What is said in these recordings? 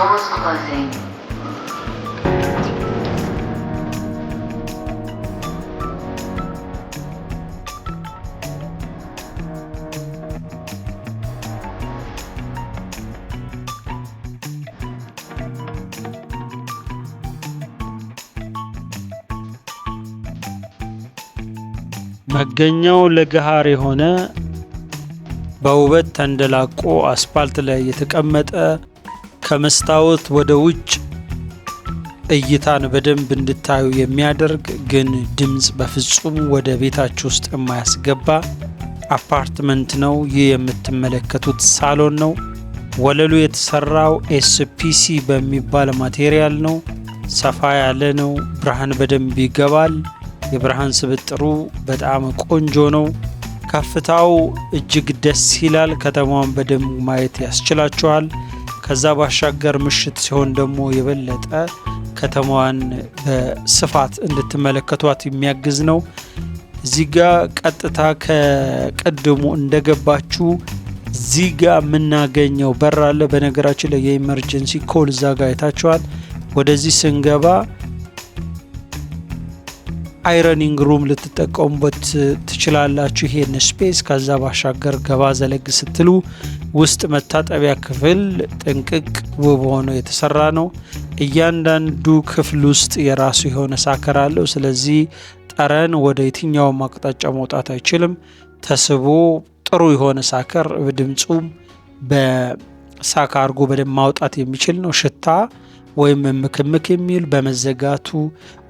Doors closing. መገኛው ለገሃር የሆነ በውበት ተንደላቆ አስፓልት ላይ የተቀመጠ ከመስታወት ወደ ውጭ እይታን በደንብ እንድታዩ የሚያደርግ ግን ድምፅ በፍጹም ወደ ቤታችሁ ውስጥ የማያስገባ አፓርትመንት ነው። ይህ የምትመለከቱት ሳሎን ነው። ወለሉ የተሰራው ኤስፒሲ በሚባል ማቴሪያል ነው። ሰፋ ያለ ነው። ብርሃን በደንብ ይገባል። የብርሃን ስብጥሩ በጣም ቆንጆ ነው። ከፍታው እጅግ ደስ ይላል። ከተማዋን በደንብ ማየት ያስችላችኋል። ከዛ ባሻገር ምሽት ሲሆን ደግሞ የበለጠ ከተማዋን በስፋት እንድትመለከቷት የሚያግዝ ነው። እዚህ ጋ ቀጥታ ከቅድሙ እንደገባችሁ እዚህ ጋ የምናገኘው በር አለ። በነገራችን ላይ የኢመርጀንሲ ኮል እዛ ጋ አይታችኋል። ወደዚህ ስንገባ አይረኒንግ ሩም ልትጠቀሙበት ትችላላችሁ። ይሄን ስፔስ ከዛ ባሻገር ገባ ዘለግ ስትሉ ውስጥ መታጠቢያ ክፍል ጥንቅቅ ውብ ሆኖ የተሰራ ነው። እያንዳንዱ ክፍል ውስጥ የራሱ የሆነ ሳከር አለው። ስለዚህ ጠረን ወደ የትኛውም አቅጣጫ መውጣት አይችልም። ተስቦ ጥሩ የሆነ ሳከር ድምፁም በሳካ አድርጎ በደንብ ማውጣት የሚችል ነው ሽታ ወይም ምክምክ የሚል በመዘጋቱ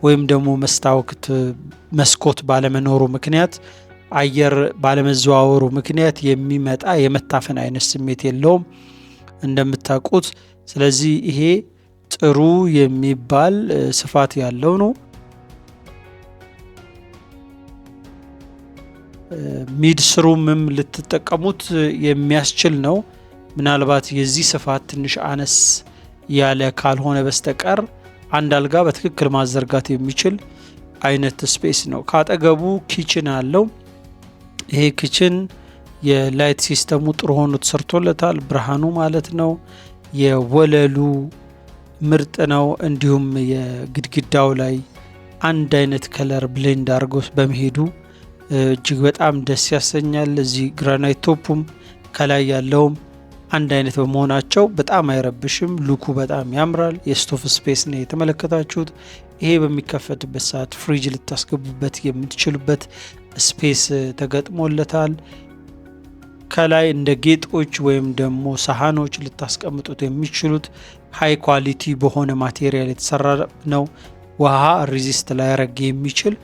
ወይም ደግሞ መስታወክት መስኮት ባለመኖሩ ምክንያት አየር ባለመዘዋወሩ ምክንያት የሚመጣ የመታፈን አይነት ስሜት የለውም እንደምታውቁት። ስለዚህ ይሄ ጥሩ የሚባል ስፋት ያለው ነው። ሚድስሩምም ልትጠቀሙት የሚያስችል ነው። ምናልባት የዚህ ስፋት ትንሽ አነስ ያለ ካልሆነ በስተቀር አንድ አልጋ በትክክል ማዘርጋት የሚችል አይነት ስፔስ ነው። ካጠገቡ ኪችን አለው። ይሄ ኪችን የላይት ሲስተሙ ጥሩ ሆኖ ተሰርቶለታል። ብርሃኑ ማለት ነው። የወለሉ ምርጥ ነው። እንዲሁም የግድግዳው ላይ አንድ አይነት ከለር ብሌንድ አድርጎ በመሄዱ እጅግ በጣም ደስ ያሰኛል። እዚህ ግራናይት ቶፑም ከላይ ያለውም አንድ አይነት በመሆናቸው በጣም አይረብሽም። ሉኩ በጣም ያምራል። የስቶፍ ስፔስ ነው የተመለከታችሁት። ይሄ በሚከፈትበት ሰዓት ፍሪጅ ልታስገቡበት የምትችሉበት ስፔስ ተገጥሞለታል። ከላይ እንደ ጌጦች ወይም ደግሞ ሳህኖች ልታስቀምጡት የሚችሉት ሃይ ኳሊቲ በሆነ ማቴሪያል የተሰራ ነው። ውሃ ሪዚስት ላያረግ የሚችል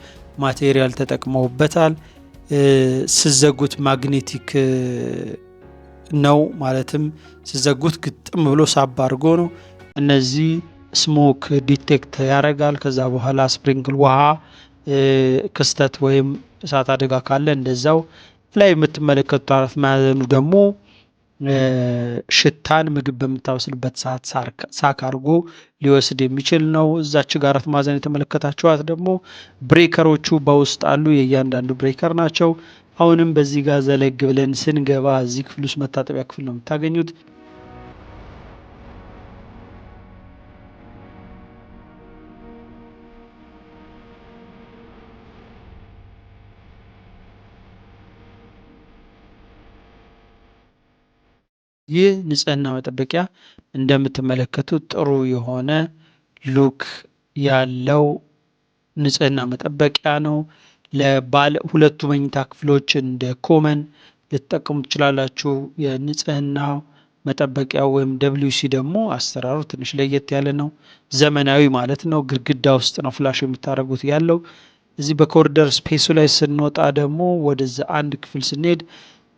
ማቴሪያል ተጠቅመውበታል። ስዘጉት ማግኔቲክ ነው። ማለትም ስዘጉት ግጥም ብሎ ሳብ አድርጎ ነው። እነዚህ ስሞክ ዲቴክት ያደርጋል። ከዛ በኋላ ስፕሪንክል ውሃ ክስተት ወይም እሳት አደጋ ካለ እንደዛው ላይ የምትመለከቱት አራት ማዕዘኑ ደግሞ ሽታን ምግብ በምታበስልበት ሰዓት ሳክ አድርጎ ሊወስድ የሚችል ነው። እዛች ጋር አራት ማዕዘን የተመለከታችኋት ደግሞ ብሬከሮቹ በውስጥ አሉ። የእያንዳንዱ ብሬከር ናቸው። አሁንም በዚህ ጋር ዘለግ ብለን ስንገባ እዚህ ክፍል ውስጥ መታጠቢያ ክፍል ነው የምታገኙት። ይህ ንጽህና መጠበቂያ እንደምትመለከቱት ጥሩ የሆነ ሉክ ያለው ንጽህና መጠበቂያ ነው። ለባለ ሁለቱ መኝታ ክፍሎች እንደ ኮመን ልትጠቀሙ ትችላላችሁ። የንጽህና መጠበቂያ ወይም ደብሊውሲ ደግሞ አሰራሩ ትንሽ ለየት ያለ ነው። ዘመናዊ ማለት ነው። ግድግዳ ውስጥ ነው ፍላሽ የምታደርጉት ያለው። እዚህ በኮሪደር ስፔሱ ላይ ስንወጣ ደግሞ ወደዚ አንድ ክፍል ስንሄድ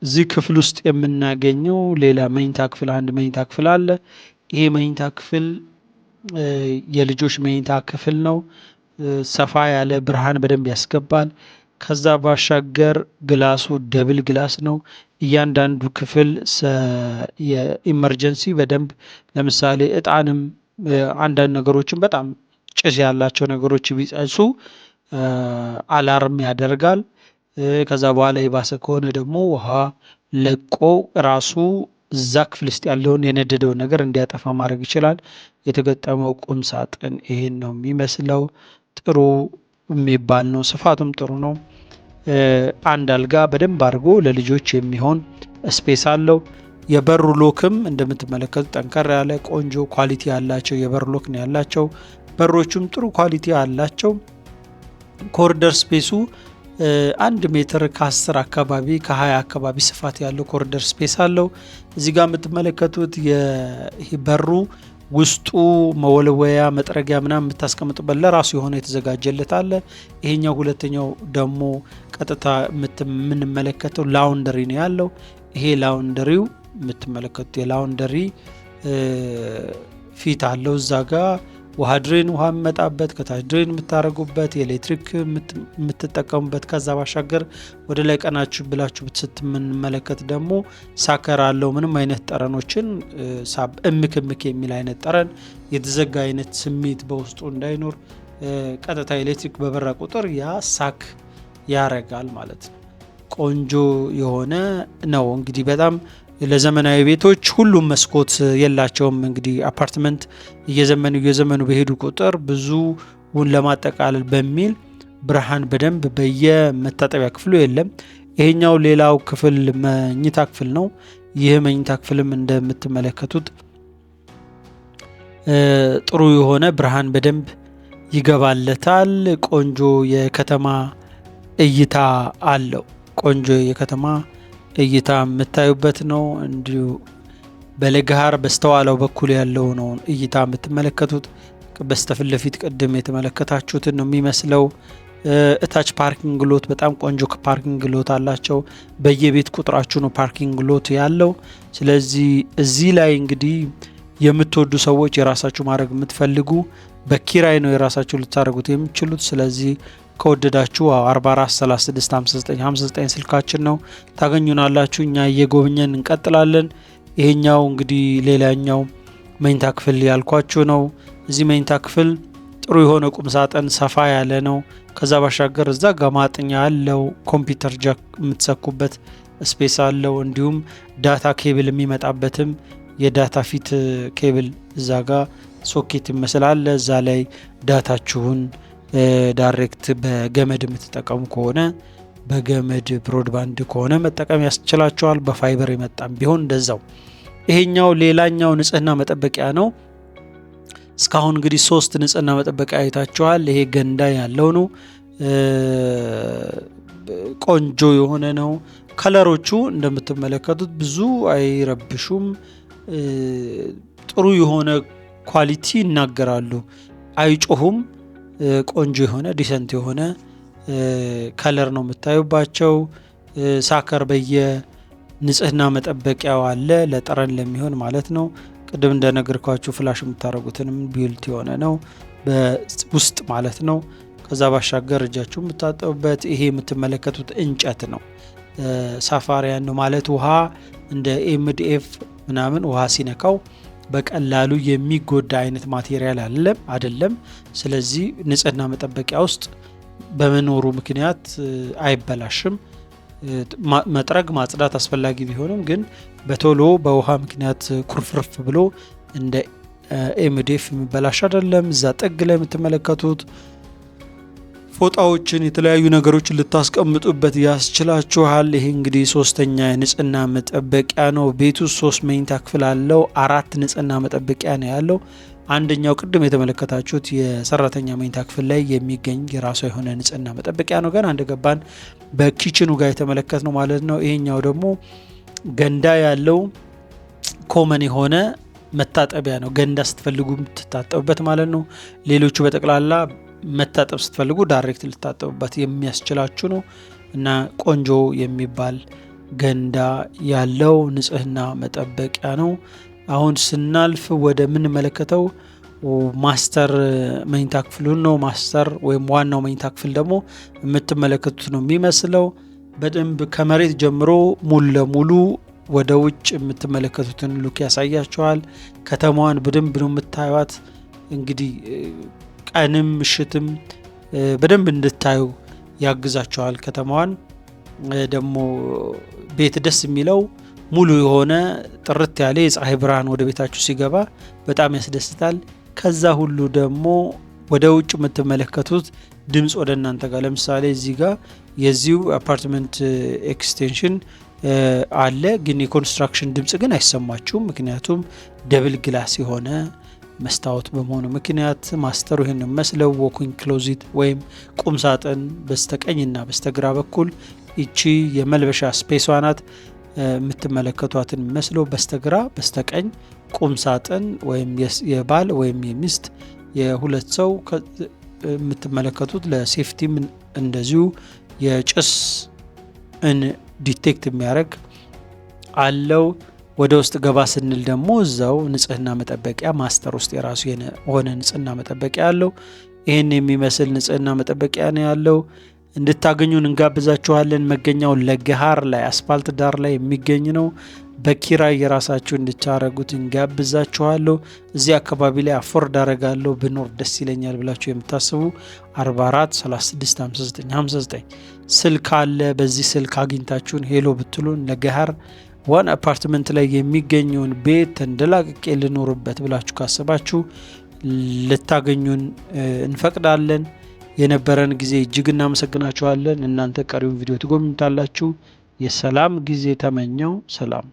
እዚህ ክፍል ውስጥ የምናገኘው ሌላ መኝታ ክፍል አንድ መኝታ ክፍል አለ። ይሄ መኝታ ክፍል የልጆች መኝታ ክፍል ነው። ሰፋ ያለ ብርሃን በደንብ ያስገባል። ከዛ ባሻገር ግላሱ ደብል ግላስ ነው። እያንዳንዱ ክፍል የኢመርጀንሲ በደንብ ለምሳሌ እጣንም አንዳንድ ነገሮችን በጣም ጭስ ያላቸው ነገሮች ቢጸሱ አላርም ያደርጋል። ከዛ በኋላ የባሰ ከሆነ ደግሞ ውሃ ለቆ ራሱ እዛ ክፍል ውስጥ ያለውን የነደደውን ነገር እንዲያጠፋ ማድረግ ይችላል። የተገጠመው ቁም ሳጥን ይህን ነው የሚመስለው። ጥሩ የሚባል ነው፣ ስፋቱም ጥሩ ነው። አንድ አልጋ በደንብ አድርጎ ለልጆች የሚሆን ስፔስ አለው። የበሩ ሎክም እንደምትመለከቱ ጠንከር ያለ ቆንጆ ኳሊቲ ያላቸው የበር ሎክ ነው ያላቸው። በሮቹም ጥሩ ኳሊቲ አላቸው። ኮሪደር ስፔሱ አንድ ሜትር ከ10 አካባቢ ከ20 አካባቢ ስፋት ያለው ኮሪደር ስፔስ አለው። እዚህ ጋር የምትመለከቱት በሩ ውስጡ መወልወያ መጥረጊያ ምናምን የምታስቀምጡበት ለራሱ የሆነ የተዘጋጀለት አለ። ይሄኛው ሁለተኛው ደግሞ ቀጥታ የምንመለከተው ላውንደሪ ነው ያለው። ይሄ ላውንደሪው የምትመለከቱት የላውንደሪ ፊት አለው እዛ ጋር ውሃ ድሬን ውሃ የሚመጣበት ከታች ድሬን የምታደረጉበት የኤሌክትሪክ የምትጠቀሙበት ከዛ ባሻገር ወደ ላይ ቀናችሁ ብላችሁ ስትምንመለከት ደግሞ ሳከር አለው ምንም አይነት ጠረኖችን ሳብ እምክ እምክ የሚል አይነት ጠረን የተዘጋ አይነት ስሜት በውስጡ እንዳይኖር ቀጥታ ኤሌክትሪክ በበራ ቁጥር ያ ሳክ ያረጋል ማለት ነው። ቆንጆ የሆነ ነው እንግዲህ በጣም ለዘመናዊ ቤቶች ሁሉም መስኮት የላቸውም። እንግዲህ አፓርትመንት እየዘመኑ እየዘመኑ በሄዱ ቁጥር ብዙውን ለማጠቃለል በሚል ብርሃን በደንብ በየመታጠቢያ ክፍሉ የለም። ይሄኛው ሌላው ክፍል መኝታ ክፍል ነው። ይህ መኝታ ክፍልም እንደምትመለከቱት ጥሩ የሆነ ብርሃን በደንብ ይገባለታል። ቆንጆ የከተማ እይታ አለው። ቆንጆ የከተማ እይታ የምታዩበት ነው። እንዲሁ በልግሃር በስተኋላው በኩል ያለው ነው እይታ የምትመለከቱት። በስተፊት ለፊት ቅድም የተመለከታችሁትን ነው የሚመስለው። እታች ፓርኪንግ ሎት በጣም ቆንጆ ፓርኪንግ ሎት አላቸው። በየቤት ቁጥራችሁ ነው ፓርኪንግ ሎት ያለው። ስለዚህ እዚህ ላይ እንግዲህ የምትወዱ ሰዎች የራሳችሁ ማድረግ የምትፈልጉ በኪራይ ነው የራሳችሁ ልታደርጉት የምችሉት። ስለዚህ ከወደዳችሁ 44365959 ስልካችን ነው ታገኙናላችሁ። እኛ እየጎብኘን እንቀጥላለን። ይሄኛው እንግዲህ ሌላኛው መኝታ ክፍል ያልኳችሁ ነው። እዚህ መኝታ ክፍል ጥሩ የሆነ ቁም ሳጥን ሰፋ ያለ ነው። ከዛ ባሻገር እዛ ጋ ማጥኛ አለው። ኮምፒውተር ጃክ የምትሰኩበት ስፔስ አለው። እንዲሁም ዳታ ኬብል የሚመጣበትም የዳታ ፊት ኬብል እዛ ጋ ሶኬት ይመስላል። እዛ ላይ ዳታችሁን ዳይሬክት በገመድ የምትጠቀሙ ከሆነ በገመድ ብሮድባንድ ከሆነ መጠቀም ያስችላቸዋል። በፋይበር የመጣም ቢሆን እንደዛው። ይሄኛው ሌላኛው ንጽህና መጠበቂያ ነው። እስካሁን እንግዲህ ሶስት ንጽህና መጠበቂያ አይታችኋል። ይሄ ገንዳ ያለው ነው። ቆንጆ የሆነ ነው። ከለሮቹ እንደምትመለከቱት ብዙ አይረብሹም። ጥሩ የሆነ ኳሊቲ ይናገራሉ። አይጮሁም። ቆንጆ የሆነ ዲሰንት የሆነ ከለር ነው የምታዩባቸው። ሳከር በየ ንጽህና መጠበቂያው አለ ለጠረን ለሚሆን ማለት ነው። ቅድም እንደነገርኳችሁ ፍላሽ የምታደርጉትንም ቢልት የሆነ ነው በውስጥ ማለት ነው። ከዛ ባሻገር እጃችሁ የምታጠቡበት ይሄ የምትመለከቱት እንጨት ነው። ሳፋሪያን ነው ማለት ውሃ እንደ ኤምዲኤፍ ምናምን ውሃ ሲነካው በቀላሉ የሚጎዳ አይነት ማቴሪያል አለም አይደለም። ስለዚህ ንጽህና መጠበቂያ ውስጥ በመኖሩ ምክንያት አይበላሽም። መጥረግ ማጽዳት አስፈላጊ ቢሆንም ግን በቶሎ በውሃ ምክንያት ኩርፍርፍ ብሎ እንደ ኤምዴፍ የሚበላሽ አይደለም። እዛ ጥግ ላይ የምትመለከቱት ፎጣዎችን የተለያዩ ነገሮችን ልታስቀምጡበት ያስችላችኋል። ይህ እንግዲህ ሶስተኛ የንጽህና መጠበቂያ ነው። ቤቱ ሶስት መኝታ ክፍል አለው። አራት ንጽህና መጠበቂያ ነው ያለው። አንደኛው ቅድም የተመለከታችሁት የሰራተኛ መኝታ ክፍል ላይ የሚገኝ የራሷ የሆነ ንጽህና መጠበቂያ ነው። ገና እንደገባን በኪችኑ ጋር የተመለከት ነው ማለት ነው። ይሄኛው ደግሞ ገንዳ ያለው ኮመን የሆነ መታጠቢያ ነው። ገንዳ ስትፈልጉ የምትታጠቡበት ማለት ነው። ሌሎቹ በጠቅላላ መታጠብ ስትፈልጉ ዳይሬክት ልታጠቡበት የሚያስችላችሁ ነው እና ቆንጆ የሚባል ገንዳ ያለው ንጽህና መጠበቂያ ነው። አሁን ስናልፍ ወደ ምንመለከተው ማስተር መኝታ ክፍሉን ነው። ማስተር ወይም ዋናው መኝታ ክፍል ደግሞ የምትመለከቱት ነው የሚመስለው። በደንብ ከመሬት ጀምሮ ሙሉ ለሙሉ ወደ ውጭ የምትመለከቱትን ሉክ ያሳያችኋል። ከተማዋን በደንብ ነው የምታዩት። እንግዲህ ቀንም ምሽትም በደንብ እንድታዩ ያግዛቸዋል። ከተማዋን ደግሞ ቤት ደስ የሚለው ሙሉ የሆነ ጥርት ያለ የፀሐይ ብርሃን ወደ ቤታችሁ ሲገባ በጣም ያስደስታል። ከዛ ሁሉ ደግሞ ወደ ውጭ የምትመለከቱት ድምፅ ወደ እናንተ ጋር ለምሳሌ እዚህ ጋር የዚሁ አፓርትመንት ኤክስቴንሽን አለ፣ ግን የኮንስትራክሽን ድምፅ ግን አይሰማችሁም። ምክንያቱም ደብል ግላስ የሆነ መስታወት በመሆኑ ምክንያት ማስተሩ ይህን መስለው ዎኪንግ ክሎዚት ወይም ቁም ሳጥን በስተቀኝና በስተግራ በኩል ይቺ የመልበሻ ስፔሷ ናት። የምትመለከቷትን መስሎ በስተግራ በስተቀኝ ቁም ሳጥን ወይም የባል ወይም የሚስት የሁለት ሰው የምትመለከቱት ለሴፍቲም እንደዚሁ የጭስ ዲቴክት የሚያደርግ አለው። ወደ ውስጥ ገባ ስንል ደግሞ እዛው ንጽህና መጠበቂያ ማስተር ውስጥ የራሱ የሆነ ንጽህና መጠበቂያ አለው። ይህን የሚመስል ንጽህና መጠበቂያ ነው ያለው። እንድታገኙን እንጋብዛችኋለን። መገኛው ለገሃር ላይ አስፋልት ዳር ላይ የሚገኝ ነው። በኪራይ የራሳችሁ እንድታረጉት እንጋብዛችኋለሁ። እዚህ አካባቢ ላይ አፎርድ አረጋለሁ ብኖር ደስ ይለኛል ብላችሁ የምታስቡ 44 36 59 59 ስልክ አለ። በዚህ ስልክ አግኝታችሁን ሄሎ ብትሉን ለገሃር ዋን አፓርትመንት ላይ የሚገኘውን ቤት ተንደላቅቄ ልኖርበት ብላችሁ ካሰባችሁ ልታገኙን እንፈቅዳለን። የነበረን ጊዜ እጅግ እናመሰግናችኋለን። እናንተ ቀሪውን ቪዲዮ ትጎብኝታላችሁ የሰላም ጊዜ ተመኘው። ሰላም